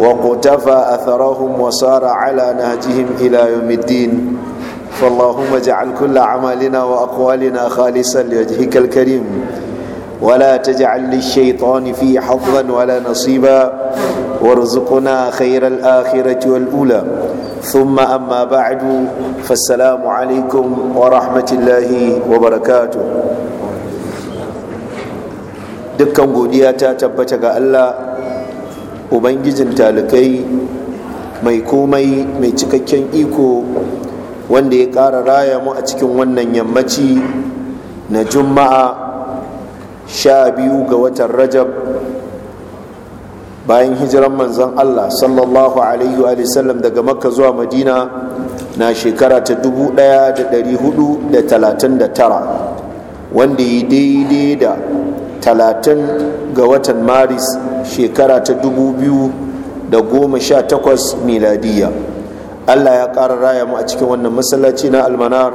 وقتفى أثرهم وسار على نهجهم إلى يوم الدين فاللهم اجعل كل عملنا وأقوالنا خالصا لوجهك الكريم ولا تجعل للشيطان في حظا ولا نصيبا وارزقنا خير الآخرة والأولى ثم أما بعد فالسلام عليكم ورحمة الله وبركاته دكا godiya ta الله ubangijin talikai mai komai mai cikakken iko wanda ya ƙara raya mu a cikin wannan yammaci na juma'a sha biyu ga watan rajab bayan hijiran manzon allah sallallahu alaihi wa sallam daga makka zuwa madina na shekara ta 1439 wanda ya daidai da 30 ga watan maris shekara ta 2018 miladiya allah ya ƙara raya mu a cikin wannan masallaci na almanar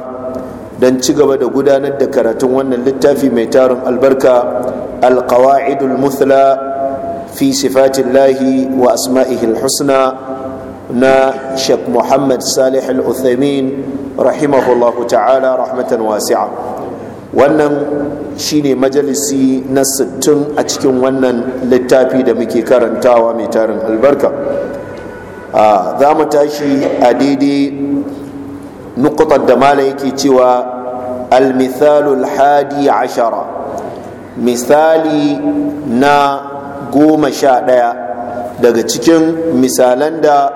don ci gaba da gudanar da karatun wannan littafi mai tarin albarka alkawa'idul muthla fi sifatillahi wa asma'ihi husna na sheikh muhammad salih al-uthaymin rahimahullahu ta'ala rahmatan wasi'a wannan shine majalisi na 60 a cikin wannan littafi da muke karantawa mai tarin albarka za mu tashi a daidai nukutar da mala yake cewa almithalul hadi ashara misali na goma sha ɗaya daga cikin misalan da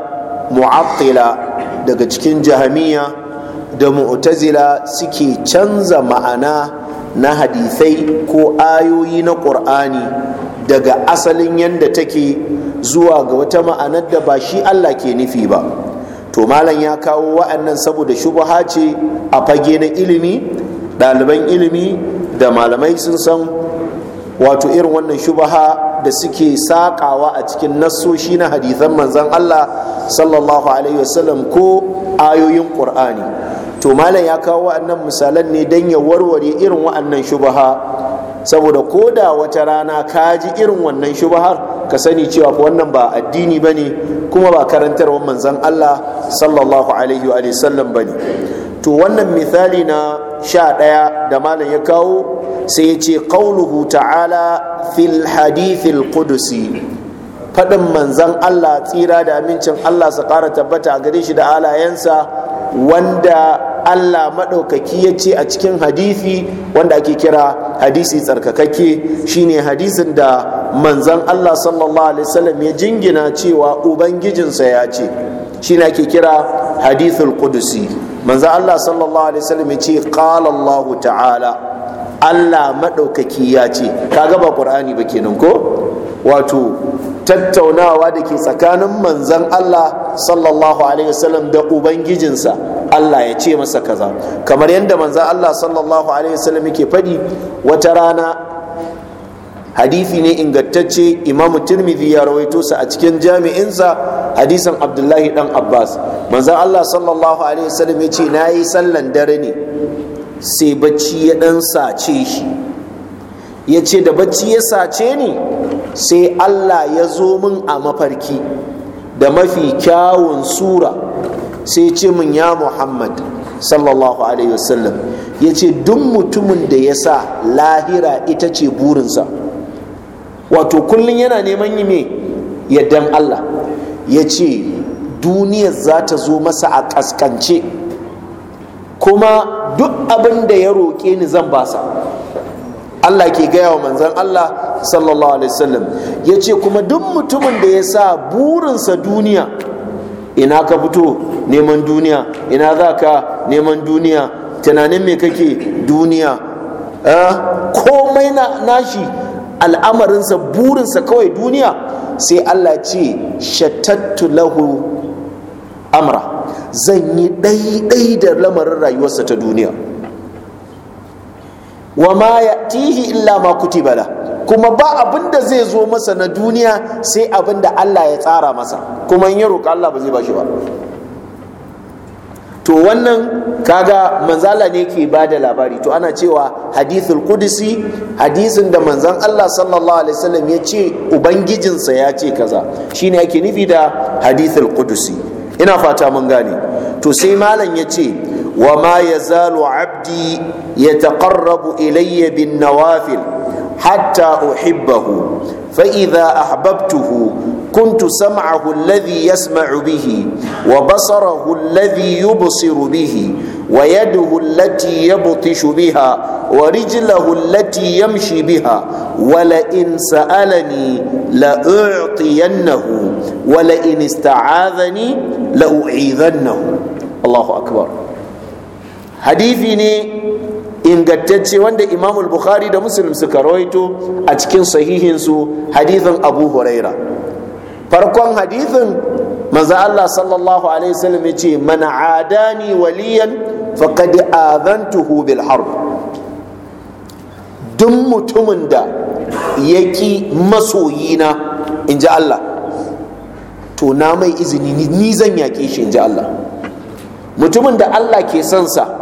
mu'attila daga cikin jahamiya da mu'tazila suke canza ma'ana na hadisai ko ayoyi na ƙur'ani daga asalin yadda take zuwa ga wata ma'anar da ba shi Allah ke nufi ba to malam ya kawo wa'annan saboda shubha ce a fage na ilimi ɗaliban ilimi da malamai sun san wato irin wannan shubha da suke saƙawa a cikin nassoshi na hadithan manzan Allah sallallahu alaihi wasallam ko ayoyin ƙur'ani to malam ya kawo wa'annan misalan ne don ya warware irin wa'annan shubaha saboda ko da wata rana ka ji irin wannan shubahar ka sani cewa wannan ba addini ba ne kuma ba karantarwar manzan Allah sallallahu alaihi wa sallam ba ne to wannan misali na sha ɗaya da malam ya kawo sai ya ce ƙauluhu ta'ala fil hadithil qudusi faɗin manzan Allah tsira da amincin Allah su ƙara tabbata a gare shi da alayensa wanda Allah maɗaukaki ya ce a cikin hadisi wanda ake kira hadisi tsarkakakke shine hadisin da manzan Allah sallallahu alaihi wasallam ya jingina cewa ubangijinsa ya ce shi ake kira hadithul qudusi manzan Allah sallallahu alaihi wasallam ya ce qala ta'ala Allah maɗaukaki ya ce kaga ba Qur'ani ba kenan ko wato tattaunawa da ke tsakanin manzan Allah sallallahu alaihi wasallam da ubangijinsa Allah ya ce masa kaza kamar yadda manzan Allah sallallahu alaihi wasallam yake faɗi wata rana hadithi ne ingantacce imamu tirmidhi ya rawaito sa a cikin jami'insa hadisan abdullahi dan abbas manzan Allah sallallahu alaihi wasallam ya ce na yi sallan dare ne sai bacci ya ɗan sace shi ya ce da bacci ya sace ni sai Allah ya zo min a mafarki da mafi kyawun sura sai ce min ya Muhammad sallallahu alaihi wasallam ya ce duk mutumin da ya sa lahira ita ce burinsa wato kullum yana neman yi me yaddan Allah ya ce duniyar za ta zo masa a kaskance kuma duk abin da ya roƙe ni zan basa Allah ke gaya wa manzon Allah sallallahu alaihi wasallam ya ce kuma duk mutumin da ya sa burinsa duniya ina ka fito neman duniya ina za ka neman duniya tunanin me kake duniya komai na nashi al'amarinsa burinsa kawai duniya sai Allah ce shatattu lahu amra zan yi ɗai-ɗai da lamarin rayuwarsa ta duniya wa ma ya tihi illa ma kutiba la kuma ba abin da zai zo masa na duniya sai abin da Allah ya tsara masa kuma in ya roƙi Allah ba zai bashi ba to wannan kaga manzala ne ke ba da labari to ana cewa hadithul qudsi hadisin da manzan Allah sallallahu alaihi wasallam ya ce ubangijinsa ya ce kaza shine yake nufi da hadithul qudsi ina fata mun gane to sai malam ya ce وما يزال عبدي يتقرب الي بالنوافل حتى احبه فاذا احببته كنت سمعه الذي يسمع به وبصره الذي يبصر به ويده التي يبطش بها ورجله التي يمشي بها ولئن سالني لاعطينه ولئن استعاذني لاعيذنه الله اكبر hadithi ne ingantacce wanda imam bukhari da muslim suka rawaito a cikin sahihinsu hadithin abu huraira farkon hadithin manzo Allah sallallahu alaihi wasallam yace man adani waliyan faqad adantuhu bil harb duk mutumin da yaki masoyina inji Allah to na mai izini ni zan yaƙi shi inji Allah mutumin da Allah ke son sa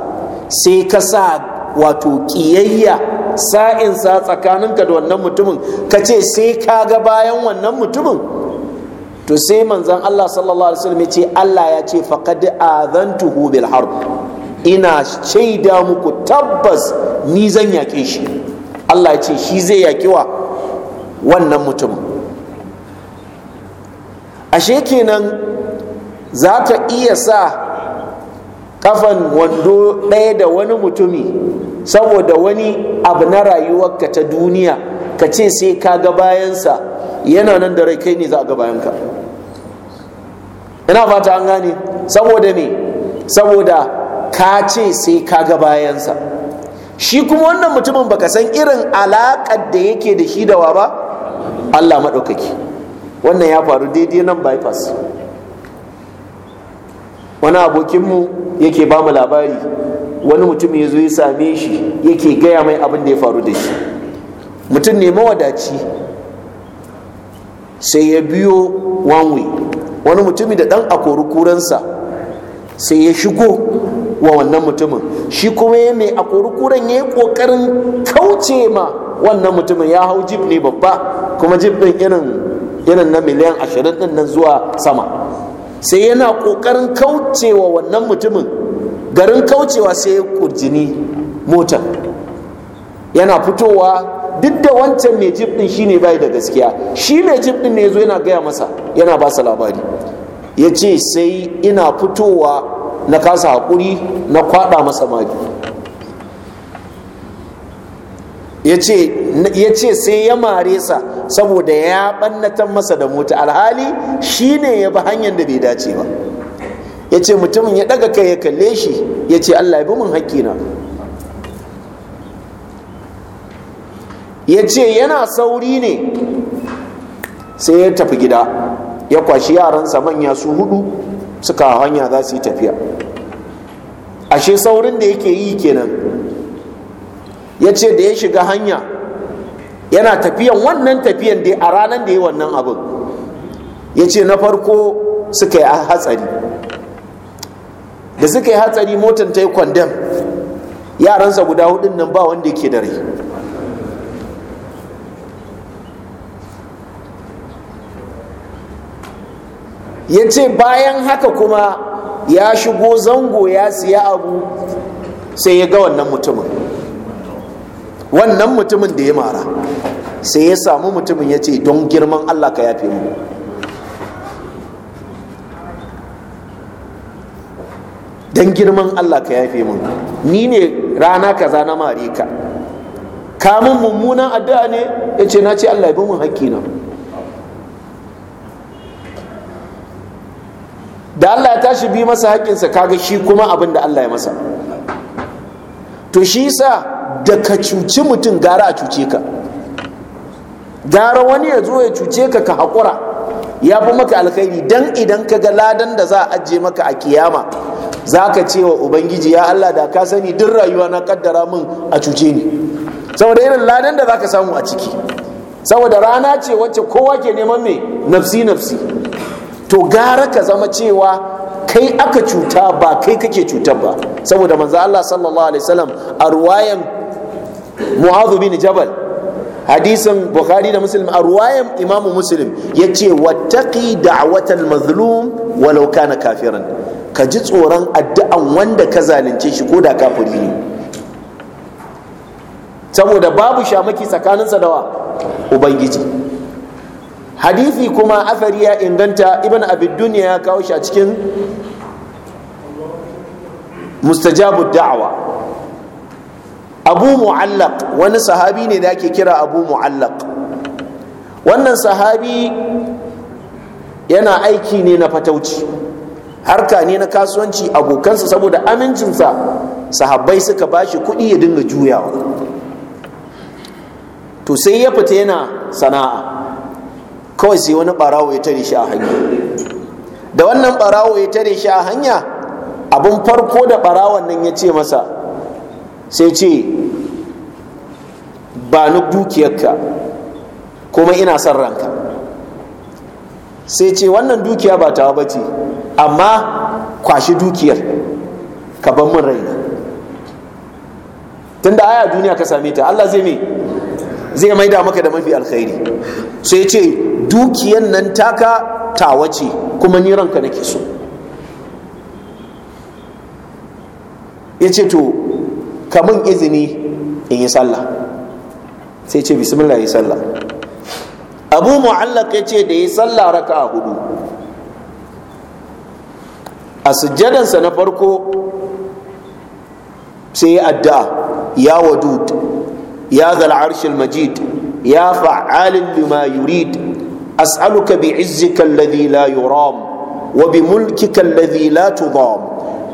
sai ka sa wato ƙiyayya sa tsakaninka da wannan mutumin ka ce sai ka ga bayan wannan mutumin to sai manzan Allah sallallahu alaihi wasallam ya ce Allah ya ce faqad azantuhu bil harb ina shaida muku tabbas ni zan yaƙe shi Allah ya ce shi zai yaƙi wa wannan mutumin ashe kenan za ka iya sa kafan wando ɗaya da wani mutumi saboda wani abu na rayuwarka ta duniya ka ce sai ka ga bayansa yana nan da rai kai ne za a ga bayanka ina fata an gane saboda me saboda ka ce sai ka ga bayansa shi kuma wannan mutumin baka san irin alaƙar da yake da shi da ba Allah maɗaukaki wannan ya faru daidai nan bypass wani abokinmu yake ba mu labari wani mutum ya zo ya same shi yake gaya mai abin da ya faru da shi mutum ne mawadaci sai ya biyo wanwe wani mutumi da ɗan akori kuransa sai ya shigo wa wannan mutumin shi kuma ya mai akori kuran ya yi kokarin kauce ma wannan mutumin ya hau jib ne babba kuma jib ɗin irin na miliyan ashirin ɗin nan zuwa sama sai yana kokarin kaucewa wannan mutumin garin kaucewa sai ya kurjini motar yana fitowa duk da wancan mai jib din shine bai da gaskiya shi mai jib din ne zo yana gaya masa yana ba sa labari ya ce sai ina fitowa na kasa haƙuri na kwaɗa masa magi ya ce ya ce sai ya mare sa saboda ya ɓannatan masa da mota alhali shi ne ya bi hanyar da bai dace ba ya ce mutumin ya ɗaga kai ya kalle shi ya ce allah ya bi mun haƙƙina ya ce yana sauri ne sai ya tafi gida ya kwashi yaransa manya su hudu suka hanya za su yi tafiya ashe saurin da yake yi kenan ya ce da ya shiga hanya yana tafiyan wannan tafiyan da a ranar da yi wannan abin ya ce na farko suka yi hatsari da suka yi hatsari motar ta yi kwandam yaransa guda hudun nan ba wanda ke da rai ya ce bayan haka kuma ya shigo zango ya siya abu sai ya ga wannan mutumin wannan mutumin da ya mara sai ya samu mutumin ya ce don girman allah ka yafe mu don girman allah ka yafe mu ni ne rana kaza na mare ka kamun mummunan addu'a ne ya ce na ce allah ya bi mun na da allah ya tashi bi masa haƙƙinsa kaga shi kuma abin da allah ya masa to shi sa da ka cuci mutum gara a cuce ka gara wani ya zo ya cuce ka ka haƙura ya fi maka alkhairi dan idan ka ga ladan da za a ajiye maka a kiyama za ka ce wa ubangiji ya allah da ka sani duk rayuwa na kaddara min a cuce ni saboda irin ladan da za ka samu a ciki saboda rana ce wacce kowa ke neman mai nafsi nafsi to gara ka zama cewa kai aka cuta ba kai kake cutar ba saboda manzo Allah sallallahu alaihi wasallam a ruwayan mu'adhu bin jabal hadisin bukhari da muslim a ruwayan imamu muslim ya ce wattaqi da'watal mazlum walau kana kafiran ka ji tsoron addu'an wanda ka zalunce shi ko da kafiri ne saboda babu shamaki tsakaninsa da wa ubangiji hadisi kuma afari ya inganta ibn abid duniya ya kawo shi a cikin mustajabu da'awa. abu mu'allaq wani sahabi ne da ake kira abu mu'allaq wannan sahabi yana aiki ne na fatauci harka ne na kasuwanci abokansa saboda amincinsa sahabbai suka ba shi kuɗi ya dinga juyawa to sai ya fita yana sana'a kawai sai wani barawo ya tare shi a hanya da wannan barawo ya tare shi a hanya abin farko da barawon nan ya ce masa sai ce ba ni dukiyarka kuma ina son ranka sai ce wannan dukiya ba tawa ba ce amma kwashi dukiyar ka ban min raina tunda aya duniya ka same ta Allah zai zai maida maka da mafi alkhairi sai ce dukiyan nan taka tawa ce kuma ni ranka nake so ya ce to kamun izini in yi sallah sai ce bismillah yi sallah abu mu'allaq ya ce da yi sallah raka a hudu a sujjadansa na farko sai addu'a ya wadud ya zal arshil majid ya fa'alin lima yurid as'aluka bi'izzika alladhi la yuram wa bimulkika alladhi la tudam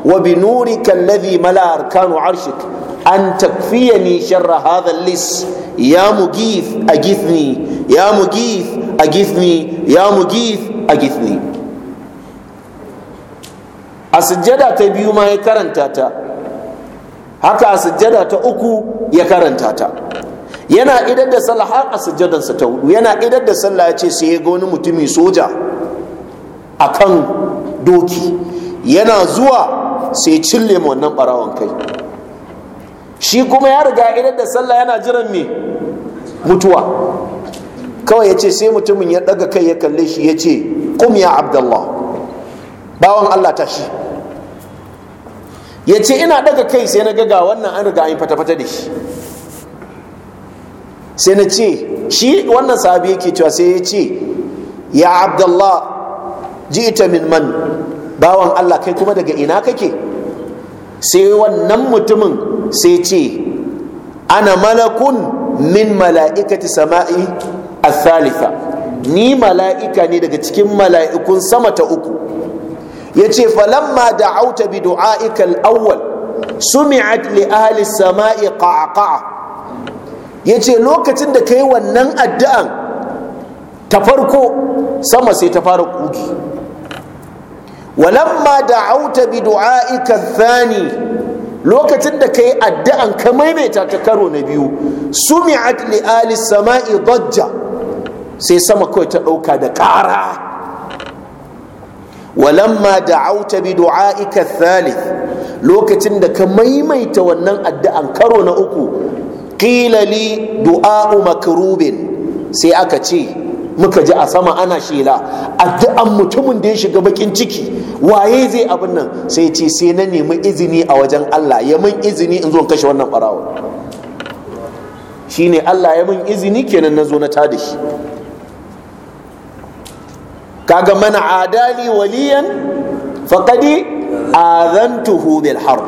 wa الذي ملا أركان عرشك أن تكفيني شر هذا اللص يا مجيث أجثني يا مجيث أجثني يا مجيث أجثني أسجدة تبيو ما يكرن تاتا haka a sujjada ta uku ya karanta ta yana idar da sallah har sa ta hudu yana idar da sallah ya ce sai ya ga wani mutumi soja akan doki yana zuwa sai cille mu wannan barawon kai shi kuma ya riga idan da sallah yana jiran me mutuwa kawai ya ce sai mutumin ya daga kai ya kalle shi ya ce kum ya abdallah bawan allah tashi ya ce ina daga kai sai na ga wannan an riga an yi fata-fata da shi sai na ce shi wannan sahabi yake cewa sai ya ce ya abdallah ji ita min man bawan Allah kai kuma daga ina kake sai wannan mutumin sai ce ana malakun min mala'ikati sama'i al-thalitha ni mala'ika ne daga cikin mala'ikun sama ta uku ya ce falamma da auta bi du'a'ika awwal sumi'at li ahli sama'i qa'qa'a ya ce lokacin da kai wannan addu'an ta farko sama sai ta fara kuki walamma da'auta bi du'a'ika thani lokacin da kai addu'an ka maimaita ta karo na biyu sumi'at li ali sama'i dajja sai sama kawai ta dauka da ƙara walamma da'auta bi du'a'ika thalith lokacin da ka maimaita wannan addu'an karo na uku qila li du'a'u makrubin sai aka ce muka ji a sama ana shela addu'an mutumin da ya shiga bakin ciki waye zai abin nan sai ce sai na nemi izini a wajen Allah ya min izini in zo kashe wannan barawo shine Allah ya mun izini kenan na zo na tada shi kaga mana adali waliyan faqadi azantuhu bil harb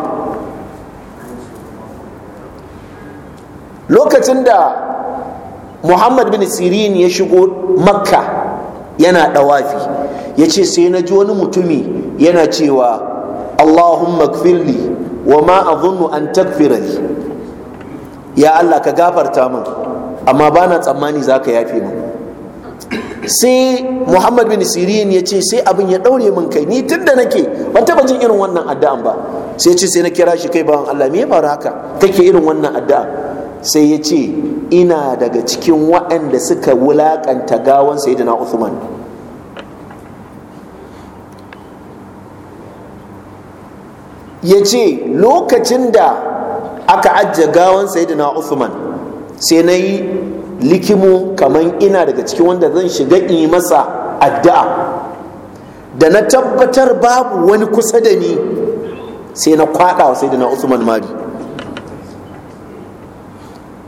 lokacin da muhammad bin sirin ya shigo makka yana dawafi ya ce sai na ji wani mutumi yana cewa allahumma kfirli wa ma azunnu an takfirali ya allah ka gafarta min amma ba na tsammani za ka yafe min sai muhammad bin sirin ya ce sai abin ya ɗaure min kai ni tun da nake ban taba jin irin wannan addu'an ba sai ce sai na kira shi kai bawan allah me ya faru haka kake irin wannan addu'a sai ya ce ina daga cikin waɗanda suka wulaƙanta gawan sayyidina Uthman ya ce lokacin da aka ajiye gawan sayyidina usman sai na yi likimo kamar ina daga cikin wanda zan shiga in yi masa addu'a da na tabbatar babu wani kusa da ni sai na kwaɗa wa sayyidina Uthman mari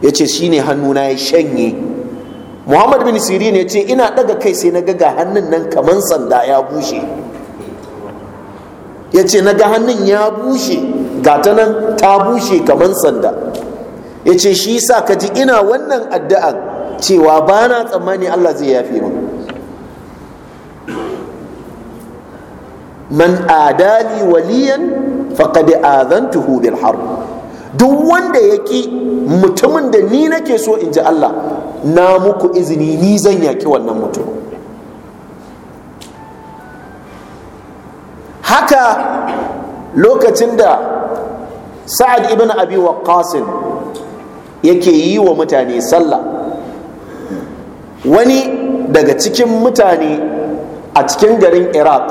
ya ce shi ne hannuna ya shanye muhammad bin sirin ya ce ina daga kai sai na ga hannun nan kamar sanda ya bushe ya ce na ga hannun ya bushe gata nan ta bushe kamar sanda ya ce shi sa ka ji ina wannan addu'an cewa ba na tsammani allah zai yafe min man adali waliyan faqad azantuhu bil harb duk wanda ya ƙi mutumin da ni nake so in ji Allah na muku izini ni zan yaƙi wannan mutum haka lokacin da sa'ad ibn abi waqqasin yake yi wa mutane sallah wani daga cikin mutane a cikin garin iraq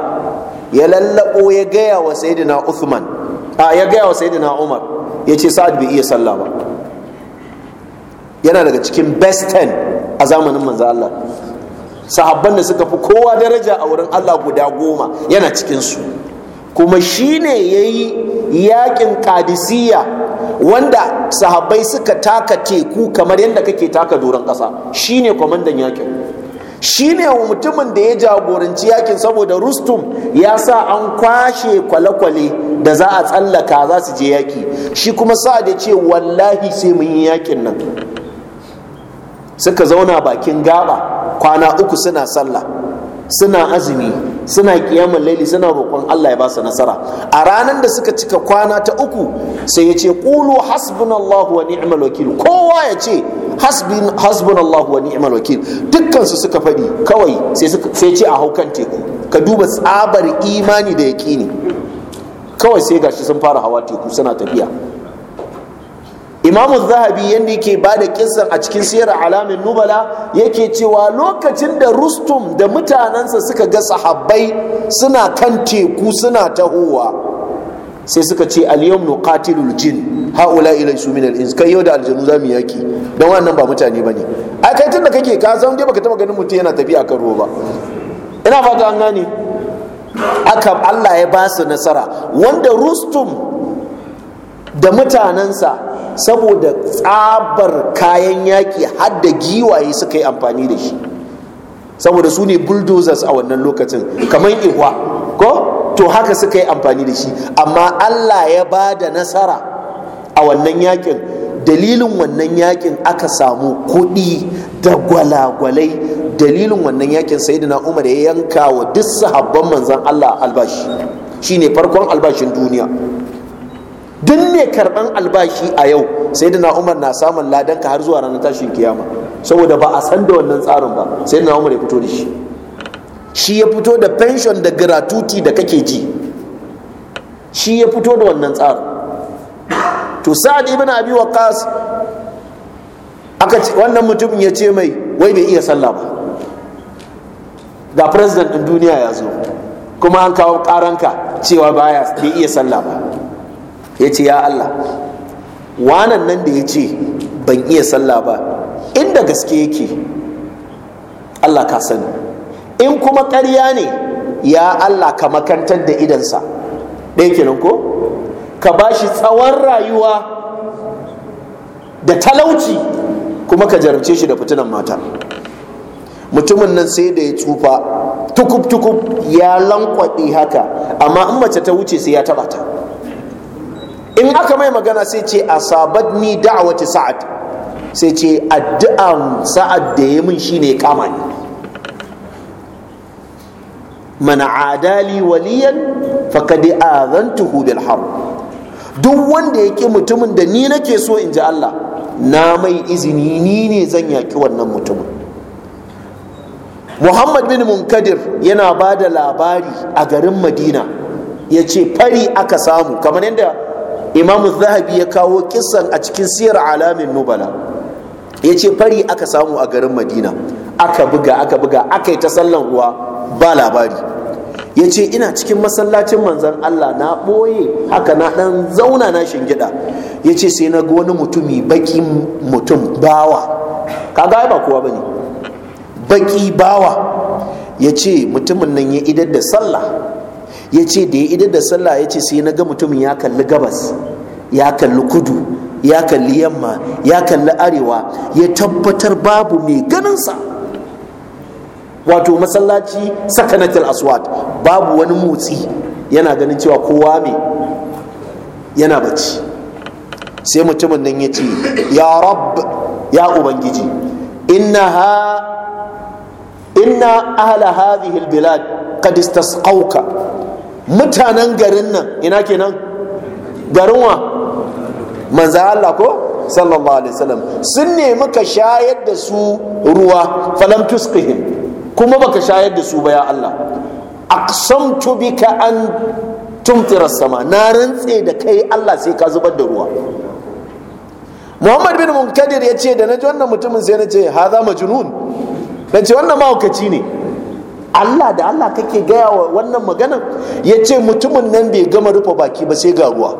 ya lallabo ya gaya wa sayidina uthman a ya gaya wa sayyidina umar ya ce sa'ad bai iya sallah ba yana daga cikin best ten a zamanin manzo Allah sahabban da suka fi kowa daraja a wurin Allah guda goma yana cikin su kuma shi ne ya yi yakin kadisiya wanda sahabbai suka taka teku kamar yadda kake taka doron ƙasa shi ne kwamandan yakin shine wa mutumin da ya jagoranci yakin saboda rustum ya sa an kwashe kwale-kwale da za a tsallaka za su je yaki shi kuma sa da ce wallahi sai mun yi yakin nan suka zauna bakin gaba kwana uku suna sallah suna azumi suna kiyamun laili suna roƙon Allah ya ba su nasara a ranar da suka cika kwana ta uku sai ya ce ƙulu hasbunallahu wa ni'mal wakil kowa ya ce hasbunallahu wa ni'mal wakil dukkan suka faɗi kawai sai sai ce a haukan teku ka duba tsabar imani da yaƙini kawai sai gashi sun fara hawa teku suna tafiya imamu zahabi yadda yake ba da kisan a cikin sirar alamin nubala yake cewa lokacin da rustum da mutanensa suka ga sahabbai suna kan teku suna tahowa sai suka ce aliyam nuqatilul jin haula ilai su min kai yau da aljanu za mu yaki don wannan ba mutane ba ne a kai da kake ka san dai baka taba ganin mutum yana tafiya kan ruwa ba ina fata an gane aka Allah ya ba su nasara wanda rustum da mutanensa saboda tsabar kayan yaƙi har giwaye suka yi amfani da shi saboda su ne bulldozers a wannan lokacin kamar ihwa ko to haka suka yi amfani da shi amma allah ya ba da nasara a wannan yaƙin dalilin wannan yaƙin aka samu kuɗi da gwalagwalai dalilin wannan yakin sayyidina Na'umar, ya yanka wa duk sahabban manzan allah albashi shine farkon albashin duniya duk ne karban albashi a yau sai da umar na samun ladanka har zuwa ranar tashin kiyama saboda ba a san da wannan tsarin ba sai da umar ya fito da shi shi ya fito da pension da gratuity da kake ji shi ya fito da wannan tsarin to sa'ad ibn abi waqas aka ce wannan mutumin ya ce mai wai bai iya sallah ba ga president din duniya ya zo kuma an kawo karanka cewa baya bai iya sallah ba ya ce ya Allah wanan nan da ya ce ban iya sallah ba inda gaske yake Allah ka sani in kuma ƙarya ne ya Allah ka makantar da idansa ɗaya kenan ko ka ba shi tsawon rayuwa da talauci kuma ka jarabce shi da fitunan mata mutumin nan sai da ya tsufa tukub-tukub ya lankwaɗe haka amma in mace ta wuce sai ya taɓa ta in aka mai magana sai ce a asabatni da'wati sa'ad sai ce addu'an sa'ad da ya min shine kama ni mana adali waliyan a azantuhu bil haru duk wanda ya yake mutumin da ni nake so in ji Allah na mai izini ni ne zan yaki wannan mutumin Muhammad bin Munkadir yana ba da labari a garin Madina ya ce fari aka samu kamar yadda imamu zahabi ya kawo kisan a cikin siyar alamin nubala ya ce fari aka samu a garin madina aka buga aka buga aka yi ta sallan ruwa ba labari ya ce ina cikin masallacin manzan allah na ɓoye haka na ɗan zauna na shingida ya ce sai na ga wani mutumi baki mutum bawa kaga ba kowa ba ne baki bawa ya ce mutumin nan ya idar da sallah ya ce da ya idan da sallah ya ce sai na ga mutumin ya kalli gabas ya kalli kudu ya kalli yamma ya kalli arewa ya tabbatar babu mai ganinsa wato masallaci sakanatul aswad babu wani motsi yana ganin cewa kowa mai yana bacci sai mutumin nan ya ce ya rab ya ubangiji inna ahla hadhihi albilad qad istasqauka mutanen garin nan ina kenan garin wa manzan Allah ko sallallahu alaihi wasallam sun nemi ka shayar da su ruwa falam tusqihim kuma baka shayar da su ba ya Allah aqsamtu bika an tumtira sama na rantse da kai Allah sai ka zubar da ruwa Muhammad bin Munkadir ya ce da na wannan mutumin sai na ce haza majnun na ce wannan mahaukaci ne Allah da Allah kake gaya wa wannan maganan ya ce mutumin nan bai gama rufe baki ba sai ga ruwa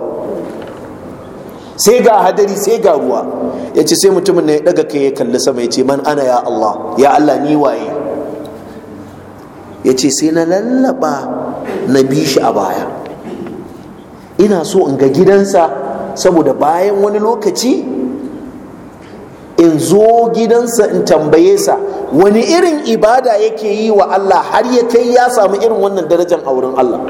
sai ga hadari sai ga ruwa ya ce sai mutumin nan ya daga kai ya kalli sama ya ce man ana ya Allah ya Allah ni waye ya ce sai na lallaba na bi shi a baya ina so in ga gidansa saboda bayan wani lokaci in zo gidansa in tambaye sa wani irin ibada yake yi wa Allah har ya kai ya samu irin wannan darajar a wurin Allah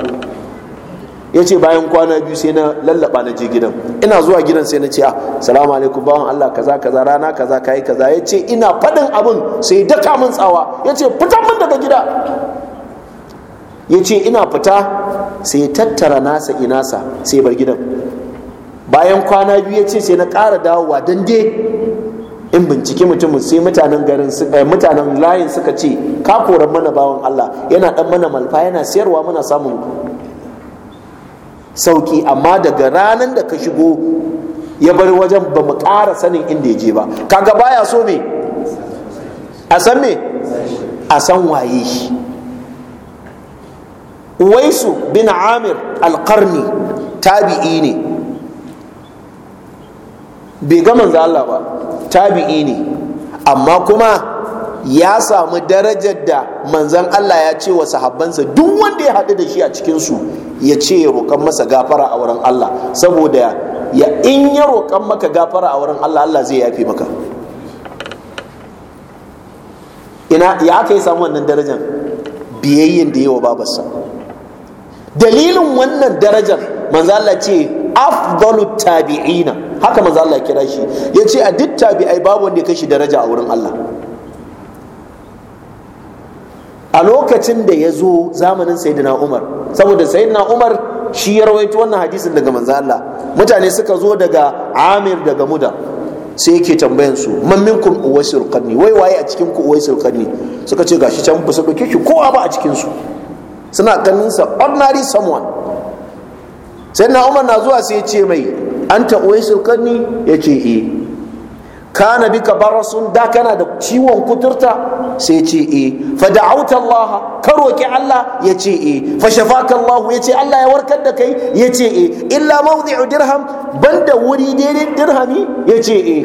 ya ce bayan kwana biyu sai na lallaba na je gidan ina zuwa gidan sai na ce ah salamu alaikum bawan Allah kaza kaza rana kaza kayi kaza ya ce ina faɗin abin sai daka min tsawa ya ce fita min daga gida ya ce ina fita sai tattara nasa inasa sai bar gidan bayan kwana biyu ya ce sai na ƙara dawowa dande in bincike mutumin sai mutanen garin eh, mutanen layin suka ce ka koran mana bawan Allah yana dan mana malfa yana siyarwa, muna samun sauki amma daga ranar da ka shigo ya bar wajen ba mu ƙara sanin inda ya je ba kaga baya so me a san me a san waye shi waisu bin amir alƙarni tabi'i ne bai ga manzo Allah ba tabi'i ne amma kuma ya samu darajar da manzon Allah ya ce wa sahabbansa duk wanda ya haɗu da shi a cikin su ya ce ya roƙan masa gafara a wurin Allah saboda ya in ya roƙan maka gafara a wurin Allah Allah zai yafe maka ina ya aka yi samu wannan darajar biyayyen da yawa babarsa dalilin wannan darajar manzo Allah ce afdalu tabi'ina haka manzo Allah kira shi Ya ce a duk tabi'ai babu wanda ya kai shi daraja a wurin Allah a lokacin da ya zo zamanin sayyidina Umar saboda sayyidina Umar shi ya rawaito wannan hadisin daga manzo Allah mutane suka zo daga Amir daga Muda sai yake tambayan su man minkum uwaisul qarni wai waye a cikin ku uwaisul qarni suka ce gashi can ba su dauke shi kowa ba a cikin su suna ganin sa ordinary someone sai na umar na zuwa sai ya ce mai an ta uwaisul karni ya ce e kana ka barasun da kana da ciwon kuturta sai ce e eh. fa da'auta Allah ka roki Allah ya ce e eh. fa shafaka Allah ya ce Allah ya warkar da kai ya ce e illa mawdi'u dirham banda wuri daidai dirhami ya ce e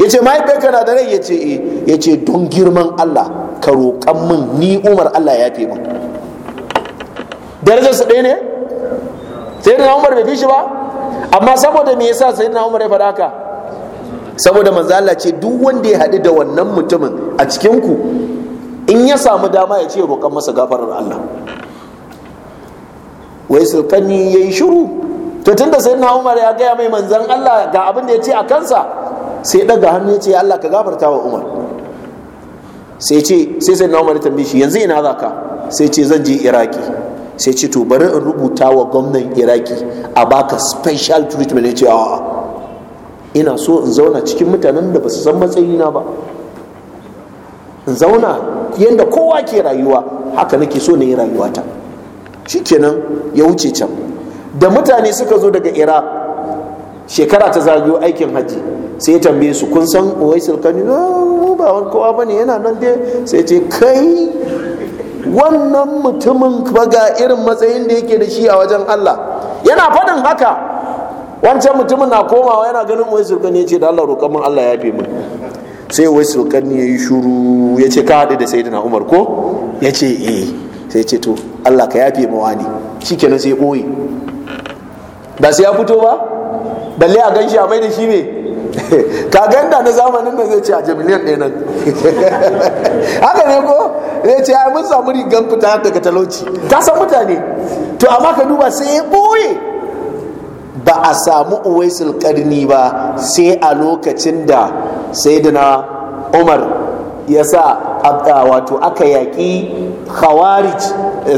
ya ce mahaifiyarka na da rai ya ce e ya ce don girman Allah ka roƙan min ni Umar Allah ya fi min su ɗaya ne sayyidina umar bai fi shi ba amma saboda me yasa sayyidina umar ya faɗa haka saboda manzo ce duk wanda ya haɗu da wannan mutumin a cikin ku in ya samu dama ya ce roƙon masa gafarar Allah wai sulkani yayi shiru to tunda sayyidina umar ya gaya mai manzon Allah ga abin da ya ce a kansa sai daga hannu ya ce Allah ka gafarta wa umar sai ce sai sayyidina umar ya tambaye shi yanzu ina zaka sai ce zan je iraki sai ce to bari in rubuta wa gwamnan iraki a baka special treatment ya ce a ina so in zauna cikin mutanen da ba su san matsayina ba in zauna yadda kowa ke rayuwa haka nake so na yi rayuwata shikenan ya wuce can da mutane suka zo daga iraq shekara ta zagayo aikin hajji sai ya tambaye su kun san uwaisul kani ah, ba wani kowa bane yana nan dai sai ce kai wannan mutumin ga irin matsayin da yake da shi a wajen Allah yana faɗin haka wancan mutumin na komawa yana ganin wai sulkan ya ce da Allah roƙon min Allah ya fi min sai wai sulkan ya yi shuru ya ce ka haɗe da na Umar ko ya ce eh sai ce to Allah ka yafe mawa ne kenan sai ya ɓoye ba sai ya fito ba balle a gan shi a mai da shi ne ka ganda na zamanin nan zai ce a jamiliyan ɗaya nan haka ne ko zai ce mun samu rigan fita daga talauci ta san mutane to amma ka duba sai ya ɓoye ba a samu uwai karni ba sai a lokacin da sayyidina umar ya sa wato aka yaƙi khawarij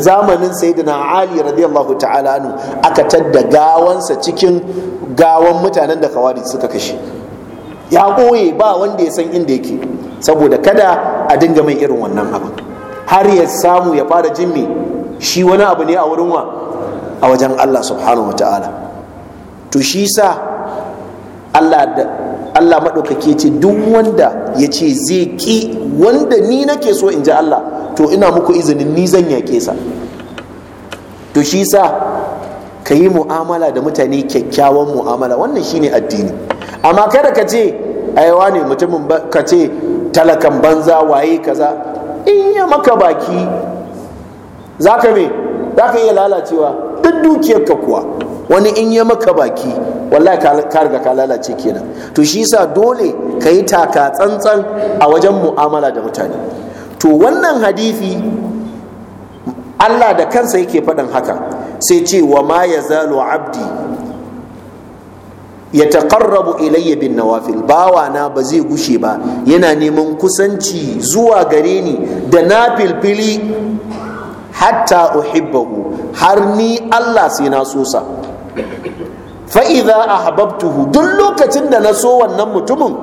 zamanin sayyidina ali radiyallahu ta'ala aka tadda gawansa cikin gawan mutanen da khawarij suka kashe ya ɓoye ba wanda ya san inda yake saboda kada a dinga mai irin wannan abu har ya samu ya fara jin shi wani abu ne a wurin wa a wajen Allah subhanahu wa ta'ala to shi sa Allah da Allah maɗaukake ce duk wanda ya ce zai ƙi wanda ni nake so in ji Allah to ina muku izinin ni zan yaƙe sa to shi sa ka yi mu'amala da mutane kyakkyawan mu'amala wannan shine addini amma kada ka ce aiwa ne mutumin ka ce talakan banza waye kaza in ya maka baki za ka me za ka iya lalacewa duk dukiyarka kuwa wani in ya maka baki wallahi ka riga ka lalace kenan to shi yasa dole ka yi taka tsantsan a wajen mu'amala da mutane to wannan hadisi Allah da kansa yake faɗin haka sai ce wa ma ya zalo abdi ya taqarrabu ilayya bin nawafil bawa na ba zai gushe ba yana neman kusanci zuwa gare ni da na filfili hatta uhibbahu har ni Allah sai na so sa fa idza ahbabtuhu duk lokacin da na so wannan mutumin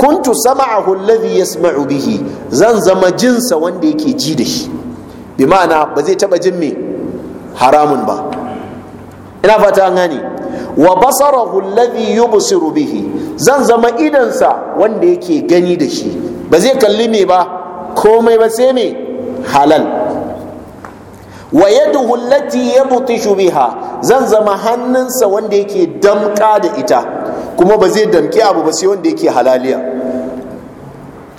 kuntu sama'ahu alladhi yasma'u bihi zan zama jinsa wanda yake ji da shi bi ma'ana ba zai taba jin me haramun ba ina fata an gane wa basarahu alladhi yubsiru bihi zan zama idansa wanda yake gani da shi ba zai kalli me ba komai ba sai me halal wa yaduhu allati yabtishu biha zan zama hannunsa wanda yake damka da ita kuma ba zai damki abu ba sai wanda yake halaliya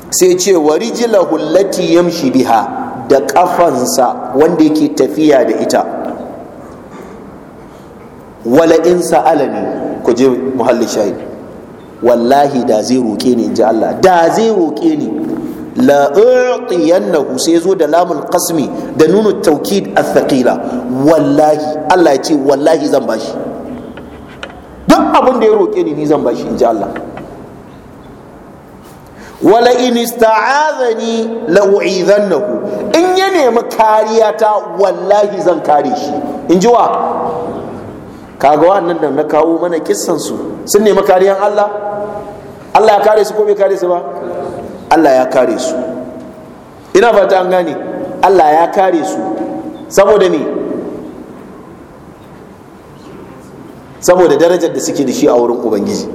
sai ce wa rijlahu allati yamshi biha da kafansa wanda yake tafiya da ita wala in sa'alani ku je muhalli shahid wallahi da zai roke ni inji Allah da zai roke ni la u'tiyannahu sai zo da lamul qasmi da nunu tawkid athqila wallahi Allah ya ce wallahi zan bashi duk abin da ya roke ni ni zan bashi inji Allah wala in ista'azani la u'idhannahu in ya nemi kariya ta wallahi zan kare shi in ji wa kaga nan da na kawo mana kissan su sun nemi kariyan Allah Allah ya kare su ko bai kare su ba Allah ya kare su ina fata an gane Allah ya kare su saboda ne, saboda darajar da suke da shi a wurin ubangiji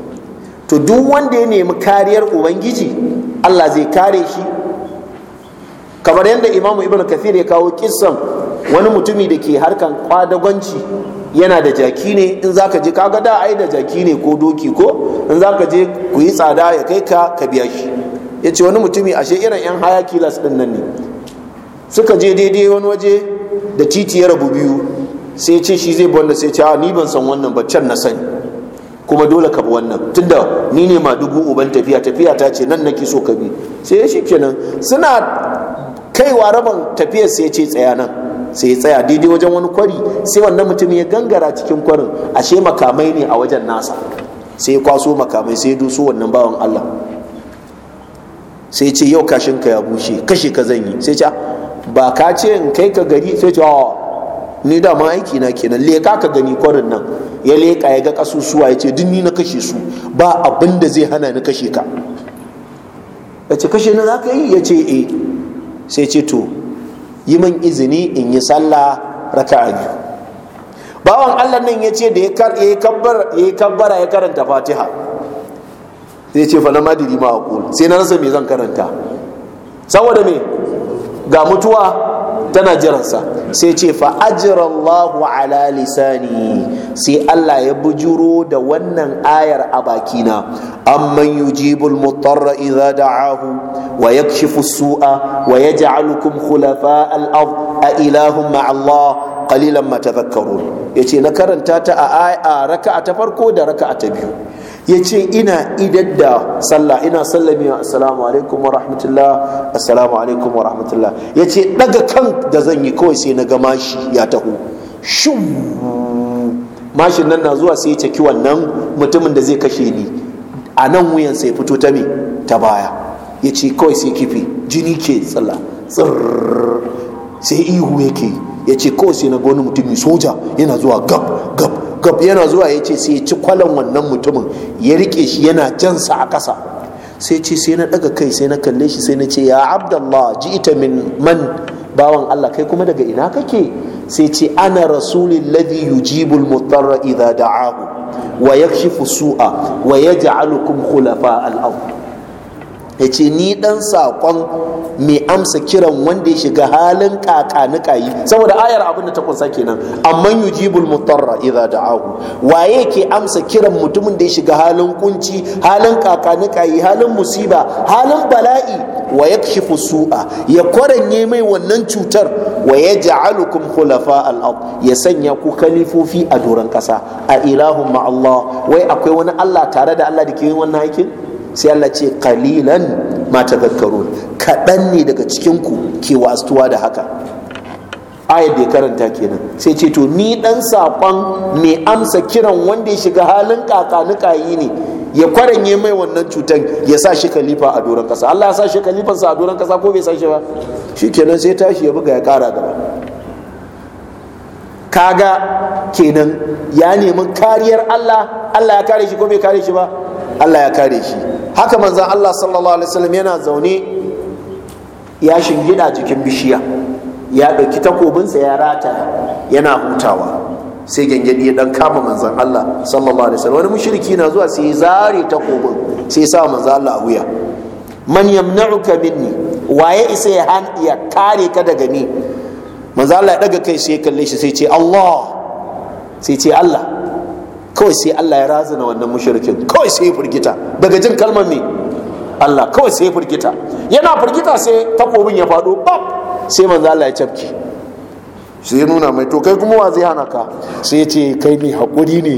to duk wanda ya nemi kariyar ubangiji Allah zai kare shi kamar yadda imamu ibn kathir ya kawo kissan wani mutumi da ke harkan kwadagonci yana da jaki ne in zaka je kaga da ai da jaki ne ko doki ko in zaka je ku yi tsada ya kai ka ka biya shi ya ce wani mutumi ashe irin yan haya kilas din nan ne suka je daidai wani waje da titi ya rabu biyu sai ce shi zai bonda sai ce a ni ban san wannan ba can na sani kuma dole ka bi wannan tunda ni ne ma dubu uban tafiya tafiya ta ce nan nake so ka bi sai shi kenan suna kaiwa rabon tafiyar sai ce tsaya nan sai ya tsaya daidai wajen wani kwari sai wannan mutum ya gangara cikin kwarin ashe makamai ne a wajen nasa sai ya kwaso makamai sai ya duso wannan bawan Allah sai ce yau kashin ka ya bushe kashe ka zan yi sai ce ah, ba ka ce in kai ka gari sai ce ni da ma aiki na kenan leka ka gani kwarin nan ya leka ya ga kasusuwa ya ce duk ni na kashe su ba abin da zai hana ni kashe ka ya ce kashe na za ka yi ya ce eh sai ce to yi min izini in yi sallah raka'a biyu bawan allah nan ya ce da ya yi kabbara ya karanta fatiha zai ce fa lama ma aqul sai na rasa me zan karanta saboda me ga mutuwa tana jiransa sai ce fa ajirallahu ala lisani sai Allah ya bujuro da wannan ayar a bakina amman yujibul mutarra idza da'ahu wa yakshifu su'a wa yaj'alukum khulafa al-ard a ilahum ma'a Allah qalilan ma tadhakkarun yace na karanta ta a raka'a ta farko da raka'a ta biyu ya ce ina idar da sallah ina sallami wa assalamu alaikum wa rahmatullah assalamu alaikum wa rahmatullah ya ce daga kan da zan yi kawai sai na ga mashi ya taho shum mashin nan na zuwa sai ya caki wannan mutumin da zai kashe ni a nan wuyan sai fito ta me ta baya ya ce kawai sai kifi jini ke tsalla tsirr sai ihu yake ya ce kawai sai na ga wani mutumi soja yana zuwa gab gab gab yana zuwa ya ce sai ya ci kwalon wannan mutumin ya rike shi yana jansa a ƙasa sai ce sai na daga kai sai na kalle shi sai na ce ya abdallah ji ita min man bawan Allah kai kuma daga ina kake sai ce ana rasulin ladhi yujibul mutarra idza da'ahu wa yakshifu su'a wa yaj'alukum khulafa al-ard ya ce ni dan saƙon mai amsa kiran wanda ya shiga halin kayi saboda ayar abin da ta kunsa kenan amman yujibul mutarra idza da'ahu waye ke amsa kiran mutumin da ya shiga halin kunci halin kayi halin musiba halin bala'i wa yakshifu su'a ya kwaranye mai wannan cutar wa yaj'alukum khulafa al-ard ya sanya ku kalifofi a doron kasa a ilahun ma'allah wai akwai wani Allah tare da Allah da ke yin wannan aikin sai Allah ce kalilan mata tadhakkarun kaɗan ne daga cikin ku ke wastuwa da haka ayat da ya karanta kenan sai ce to ni dan saƙon mai amsa kiran wanda ya shiga halin kakanikayi ne ya kwaranye mai wannan cutar ya sa shi kalifa a doron kasa Allah ya sa shi khalifansa a doron kasa ko bai sa shi ba kenan sai tashi ya buga ya kara gaba kaga kenan ya nemi kariyar Allah Allah ya kare shi ko bai kare shi ba Allah ya kare shi haka manzan Allah sallallahu alaihi wasallam yana zaune ya shingida jikin bishiya ya ɗauki takobinsa ya rata yana hutawa sai gyangyaɗi ya ɗan kama manzan Allah sallallahu alaihi wasallam wani mushriki na zuwa sai zare takobin sai sa manzan Allah a wuya man yamna'uka minni waye isa ya han ya kare ka daga ni manzan Allah ya daga kai sai kalle shi sai ce Allah sai ce Allah kawai sai Allah ya razana wannan mushrikin kawai sai ya firgita daga jin kalmar ne Allah kawai sai firgita yana firgita sai takobin ya faɗo bab sai manzo Allah ya cafke sai nuna mai to kai kuma wa zai hana ka sai ya ce kai ne hakuri ne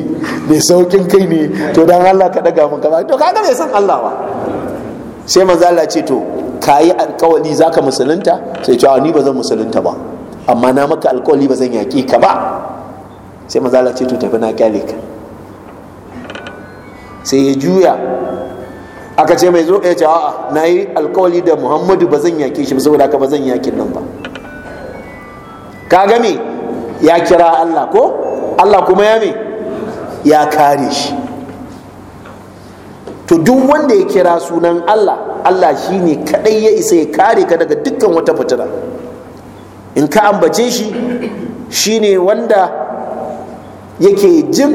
mai saukin kai ne to dan Allah ka daga mun kaza to kaga bai san Allah ba sai manzo Allah ce to kayi alƙawari zaka musulunta sai ce ni ba zan musulunta ba amma na maka alƙawari ba zan yaƙi ka ba sai manzo Allah ce to tafi na kyale ka sai ya juya aka ce mai zo ya ce a'a na yi alkawali da muhammadu ba zan yake shi saboda haka ba zan yakin nan ba ka gami ya kira allah ko allah kuma ya me ya kare shi to duk wanda ya kira sunan allah allah shi ne kadai ya isa ya kare ka daga dukkan wata fitina in ka ambace shi shi ne wanda yake jin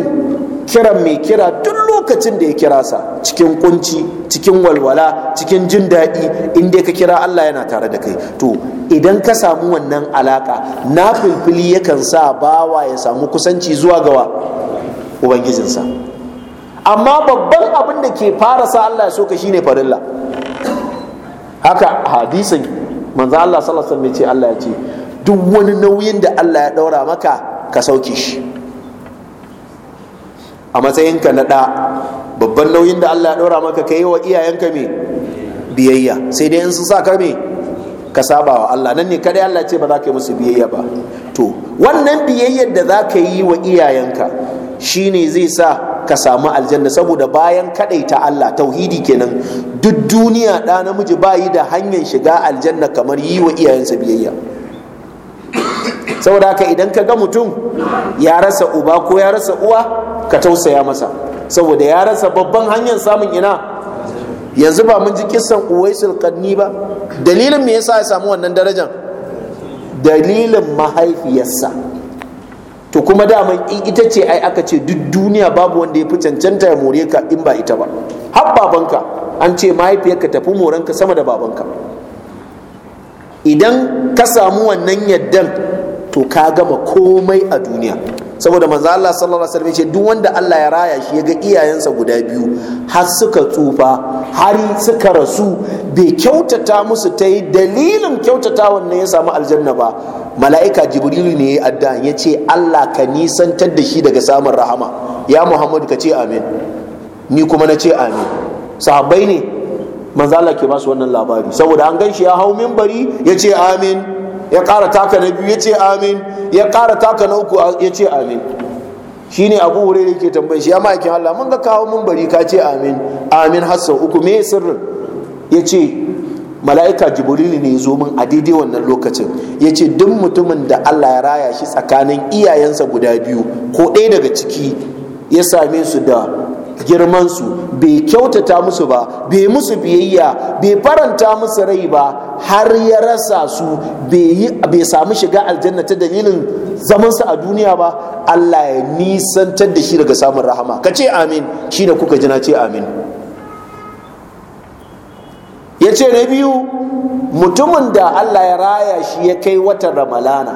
kiran mai kira duk lokacin da ya kira sa cikin kunci cikin walwala cikin jin daɗi inda ka kira Allah yana tare da kai to idan ka samu wannan alaka na filfili yakan sa bawa ya samu kusanci zuwa gawa ubangijinsa amma babban abin da ke fara sa Allah ya so ka shine farilla haka hadisin manzo Allah sallallahu alaihi wasallam ya ce Allah ya ce duk wani nauyin da Allah ya daura maka ka sauke shi a matsayinka na ɗa babban nauyin da Allah ya ɗora maka ka yi wa iyayenka me biyayya sai dai in sun sa ka me ka saba wa Allah nan ne kadai Allah ce ba za ka yi musu biyayya ba to wannan biyayyar da za ka yi wa iyayenka shine zai sa ka samu aljanna saboda bayan kadaita Allah tauhidi kenan duk duniya da namiji ba yi da hanyar shiga aljanna kamar yi wa iyayensa biyayya saboda haka idan ka ga mutum ya rasa uba ko ya rasa uwa ka tausaya masa saboda ya rasa babban hanyar samun ina yanzu ba mun ji kissan uwaisul qadni ba dalilin me yasa ya samu wannan darajar dalilin mahaifiyarsa to kuma in ita ce ai aka ce duk duniya babu wanda ya fi cancanta ya more ka in ba ita ba har babanka an ce mahaifiyarka tafi morenka sama da babanka idan ka samu wannan yaddan to ka gama komai a duniya saboda manzo Allah sallallahu alaihi wasallam ce duk wanda Allah ya raya shi ya ga iyayensa guda biyu har suka tsufa har suka rasu bai kyautata musu ta yi dalilin kyautata wannan ya samu aljanna ba mala'ika jibrilu ne ya adda ya ce Allah ka nisantar da shi daga samun rahama ya Muhammad ka ce amin ni kuma na ce amin sahabbai ne manzo Allah ke ba su wannan labari saboda an gan shi ya hau minbari ya ce amin ya ƙara taka na biyu ya ce amin ya ƙara taka na uku ya ce amin shi ne abu da ke tambayi shi ya ma'aikin Allah mun ga kawo mun bari ka ce amin amin hassa uku me sirrin ya ce mala'ika jibrilu ne zo min a daidai wannan lokacin ya ce duk mutumin da Allah ya raya shi tsakanin iyayensa guda biyu ko ɗaya daga ciki ya same su da girmansu bai kyautata musu ba bai musu biyayya bai faranta musu rai ba har ya rasa su bai samu shiga aljanna ta dalilin zamansa a duniya ba allah ya nisantar da shi daga samun rahama ka ce amin shi da kuka ji ce amin ya ce na biyu mutumin da allah ya raya shi ya kai watan ramalana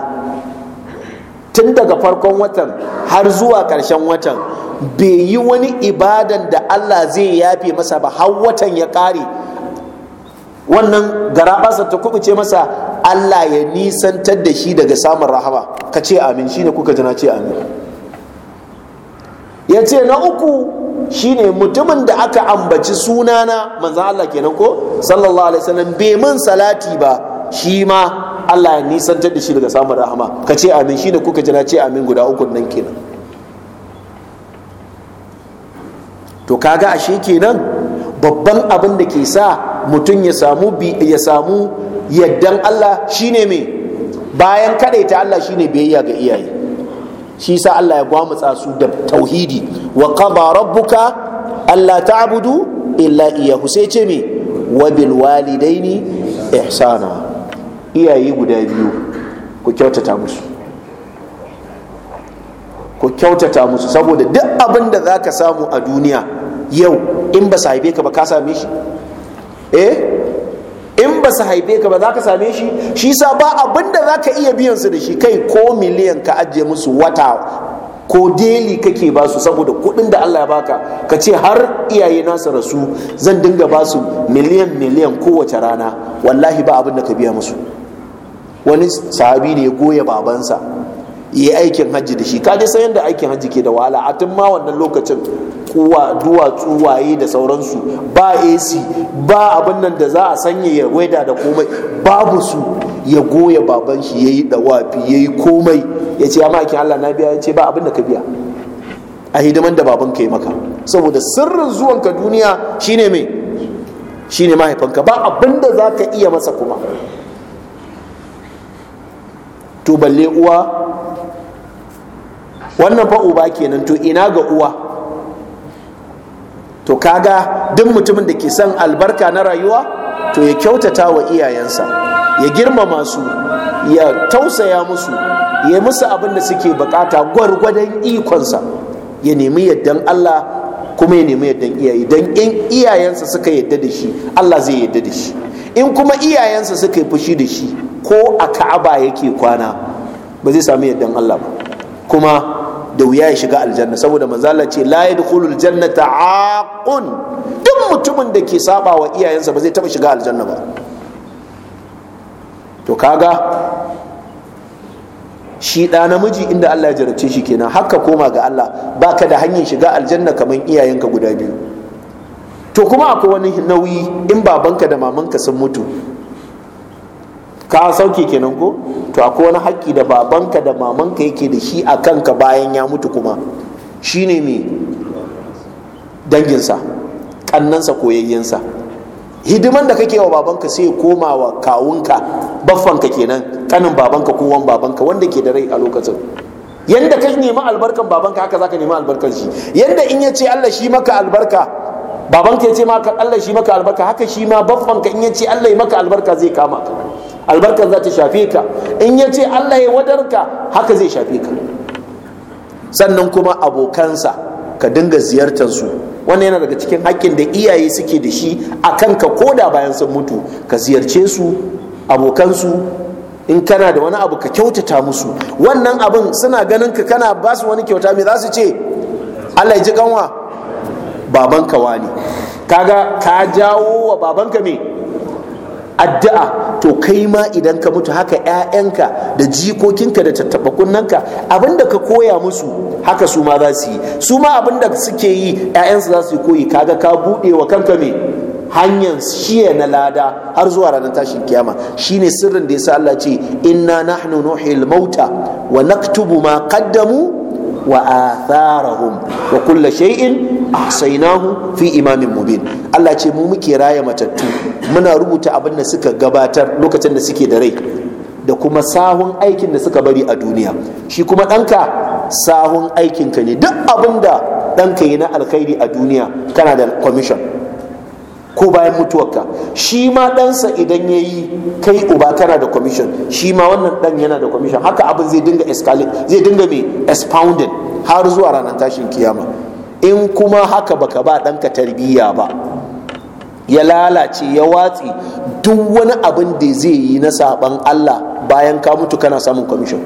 tun daga farkon watan har zuwa ƙarshen watan bai yi wani ibadan da Allah zai yafe masa ba har watan ya ƙare wannan garaɓasa ta ce masa Allah ya nisantar da shi daga samun rahama ka ce amin ne kuka jana ce amin ya ce na uku shine mutumin da aka ambaci sunana manzan Allah kenan ko sallallahu alaihi wasallam bai min salati ba shi ma Allah ya nisantar da shi daga samun rahama ka ce amin ne kuka jana ce amin guda uku nan kenan to kaga ashe kenan babban abin da ke sa mutum ya samu ya samu yaddan Allah shine me bayan kadaita Allah shine biyayya ga iyaye shi sa Allah ya gwamutsa su da tauhidi wa qada rabbuka alla ta'budu illa iyyahu sai ce me wa bil walidaini ihsana iyaye guda biyu ku kyautata musu ku kyautata musu saboda duk abin da zaka samu a duniya yau in ba su haife ka ba ka same shi eh in ba su haife ka ba za ka same shi shi sa ba abinda da za ka iya biyan su da shi kai ko miliyan ka ajiye musu wata ko deli kake ba su saboda kuɗin da Allah ya baka ka ce har iyaye nasu rasu zan dinga ba su miliyan miliyan kowace rana wallahi ba abin da ka biya musu wani sahabi ne ya goya babansa yi aikin hajji da shi ka je san yadda aikin hajji ke da wahala a tun ma wannan lokacin kuwa duwatsu waye da sauransu ba ac ba abin nan da za a sanya ya waida da komai babu su ya goya baban shi ya yi dawafi ya yi komai ya ce ya aikin allah na biya ya ce ba abin da ka biya a hidiman da baban ka yi maka saboda sirrin zuwan ka duniya shine mai shine mahaifanka ba abin da za ka iya masa kuma to balle uwa wannan fa uba kenan to ina ga uwa to kaga duk mutumin da ke son albarka na rayuwa to ya kyautata wa iyayensa ya girmama su ya tausaya musu ya musu abin da suke bukata gwargwadon ikonsa ya nemi yaddan Allah kuma ya nemi yaddan iyaye don in iyayensa suka yadda da shi Allah zai yadda da shi in kuma iyayensa suka yi fushi da shi ko a ka'aba yake kwana ba zai sami yaddan Allah ba kuma da wuya ya shiga aljanna saboda manzala ce la yadkhulul jannata aqun duk mutumin da ke saba wa iyayensa ba zai taba shiga aljanna ba to kaga shi ɗa namiji inda Allah ya jarabce shi kenan haka koma ga Allah baka da hanyar shiga aljanna kamar iyayenka guda biyu to kuma akwai wani nauyi in babanka da mamanka sun mutu ka sauke kenan ko to akwai wani haƙƙi da babanka da mamanka yake da shi a kanka bayan ya mutu kuma shi ne mai danginsa ƙannansa koyayyensa hidiman da kake wa babanka sai ya koma wa kawunka baffanka kenan kanin babanka ko wan babanka wanda ke da rai a lokacin yanda ka nemi albarkan babanka haka zaka nemi albarkan shi yanda in yace Allah shi maka albarka babanka yace maka Allah shi maka albarka haka shi ma baffanka in yace Allah ya maka albarka zai kama ka albarkar za ta shafe ka in ya ce allah ya wadarka haka zai shafe ka sannan kuma abokansa ka dinga ziyartarsu wannan yana daga cikin haƙƙin da iyaye suke da shi a kanka koda bayan sun mutu ka ziyarce su abokansu in kana da wani abu ka kyautata musu wannan abin suna ganin ka kana ba su wani kyauta mai za su ce allah ya ji kanwa babanka wani kaga ka jawo wa babanka me addu'a to kai ma idan ka mutu haka 'ya'yanka da jikokinka da tattabakunanka abinda ka koya musu haka su ma za su yi su ma abinda suke yi 'ya'yansu za su yi koyi kaga ka buɗe wa kanka me hanyar shiya na lada har zuwa ranar tashin kiyama shine sirrin da yasa Allah ce inna nahnu nuhil mauta wa naktubu ma qaddamu wa atharahum wa kullu shay'in ahsaynahu fi imamin mubin Allah ce mu muke raya matattu muna rubuta abin da suka gabatar lokacin da suke da rai da kuma sahun aikin da suka bari a duniya shi kuma ɗanka sahun aikinka ne duk abin da ɗanka yi na alkhairi a duniya kana da commission ko bayan mutuwarka shi ma ɗansa idan ya yi kai uba kana da commission shi ma wannan ɗan yana da commission haka abin zai dinga zai dinga mai expounded har zuwa ranar tashin kiyama in kuma haka baka ba ɗanka tarbiyya ba ya lalace ya watsi duk wani abin da zai yi na saban Allah bayan ka mutu kana samun kwamishin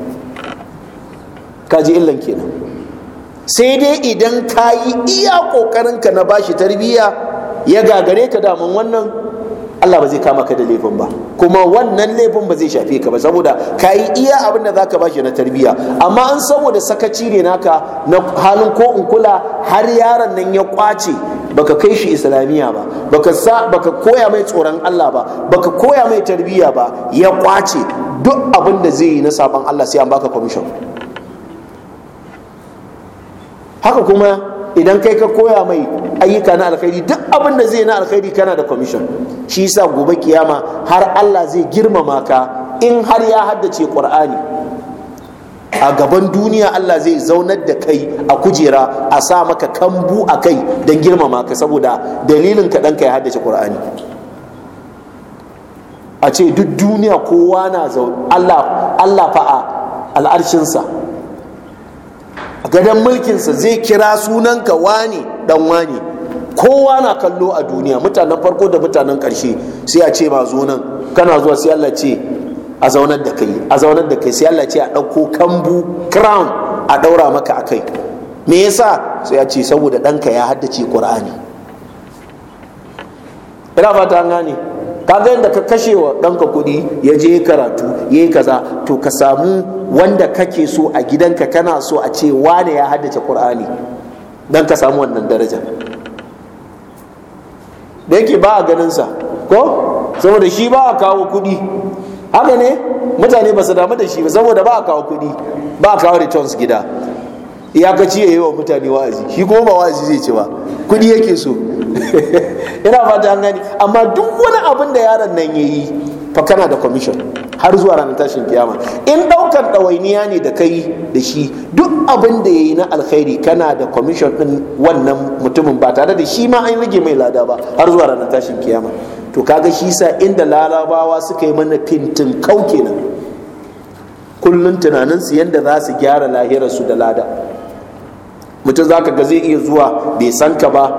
ka ji illan kenan sai dai idan ka yi iya ƙoƙarinka na bashi tarbiyya ya gagare ka daman wannan Allah ba zai kama ka da laifin ba kuma wannan laifin ba zai shafe ka ba saboda ka yi iya abin da zaka shi na tarbiyya amma an saboda sakaci ne naka na halin ko in kula har yaron nan ya kwace baka kai shi islamiyya ba baka sa baka koya mai tsoron Allah ba baka koya mai tarbiyya ba ya kwace duk abin da zai yi na sabon Allah sai an baka commission haka kuma idan kai ka koya mai ayyuka na alkhairi duk abin da zai na alkhairi kana da commission shi yasa gobe kiyama har Allah zai girmama ka in har ya haddace Qur'ani a gaban duniya Allah zai zaunar da kai a kujera a sa maka kambu a kai don girmama ka saboda dalilin ka ya haddace Qur'ani a ce duk duniya kowa na zaune Allah fa'a a al'arshinsa gadon mulkinsa zai kira sunanka wani dan wani kowa na kallo a duniya mutanen farko da mutanen karshe sai a ce ma zo nan kana zuwa sai Allah ce a zaunar da kai a zaunar da kai sai Allah ce a ɗauko kambu crown a ɗaura maka a kai me yasa sai a ce saboda ɗanka ya haddace ƙur'ani ina fata an gane kaga yadda ka kashe wa ɗanka kuɗi ya je karatu ya yi kaza to ka samu wanda kake so a gidanka kana so a ce wane ya haddace ƙur'ani don ka samu wannan daraja da yake ba a ganinsa ko saboda shi ba a kawo kuɗi haka ne mutane ba su damu da shi ba saboda ba a kawo kuɗi ba a kawo returns gida iyakaci ya yi wa mutane wa'azi shi ko ba wa'azi zai ce ba kudi yake so Yana fata an gani amma duk wani abin da yaron nan ya yi fa kana da commission har zuwa ranar tashin kiyama in daukar ɗawainiya ne da kai da shi duk abin da ya yi na alkhairi kana da commission ɗin wannan mutumin ba tare da shi ma an rage mai lada ba har zuwa ranar tashin kiyama to kaga shi sa inda lalabawa suka yi mana fintin kau kenan kullum tunaninsu yadda za su gyara lahirarsu da lada mutum zaka ga zai iya zuwa bai san ka ba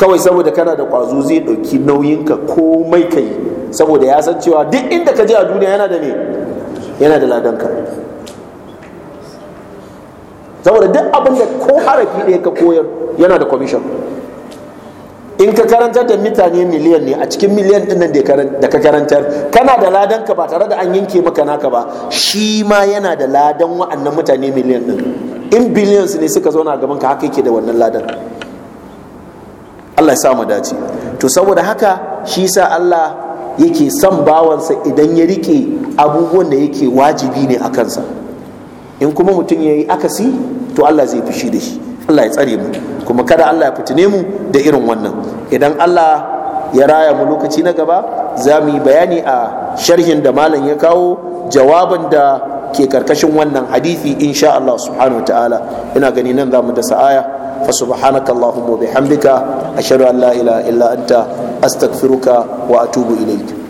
kawai saboda kana da kwazo zai dauki nauyinka komai kai saboda ya san cewa duk inda ka je a duniya yana da ne yana da ladanka saboda duk abin da ko harafi ɗaya ka koyar yana da commission in ka karantar da mutane miliyan ne a cikin miliyan din nan da ka karantar kana da ladan ka ba tare da an yanke maka naka ba shi ma yana da ladan wa'annan mutane miliyan din in billions ne suka zauna gaban ka haka yake da wannan ladan Allah ya sa mu dace to saboda haka shi sa Allah yake son bawansa idan ya rike abubuwan da yake wajibi ne a kansa in kuma mutum ya yi akasi to Allah zai fushi da shi Allah ya tsare mu kuma kada Allah ya fitine mu da irin wannan idan Allah ya raya mu lokaci na gaba za mu yi bayani a sharhin da malam ya kawo jawaban da ke karkashin wannan hadithi insha Allah subhanahu wa ta'ala ina gani nan za mu da sa'aya fa subhanaka allahumma bihamdika ashhadu an la ilaha illa anta astaghfiruka wa atubu ilayk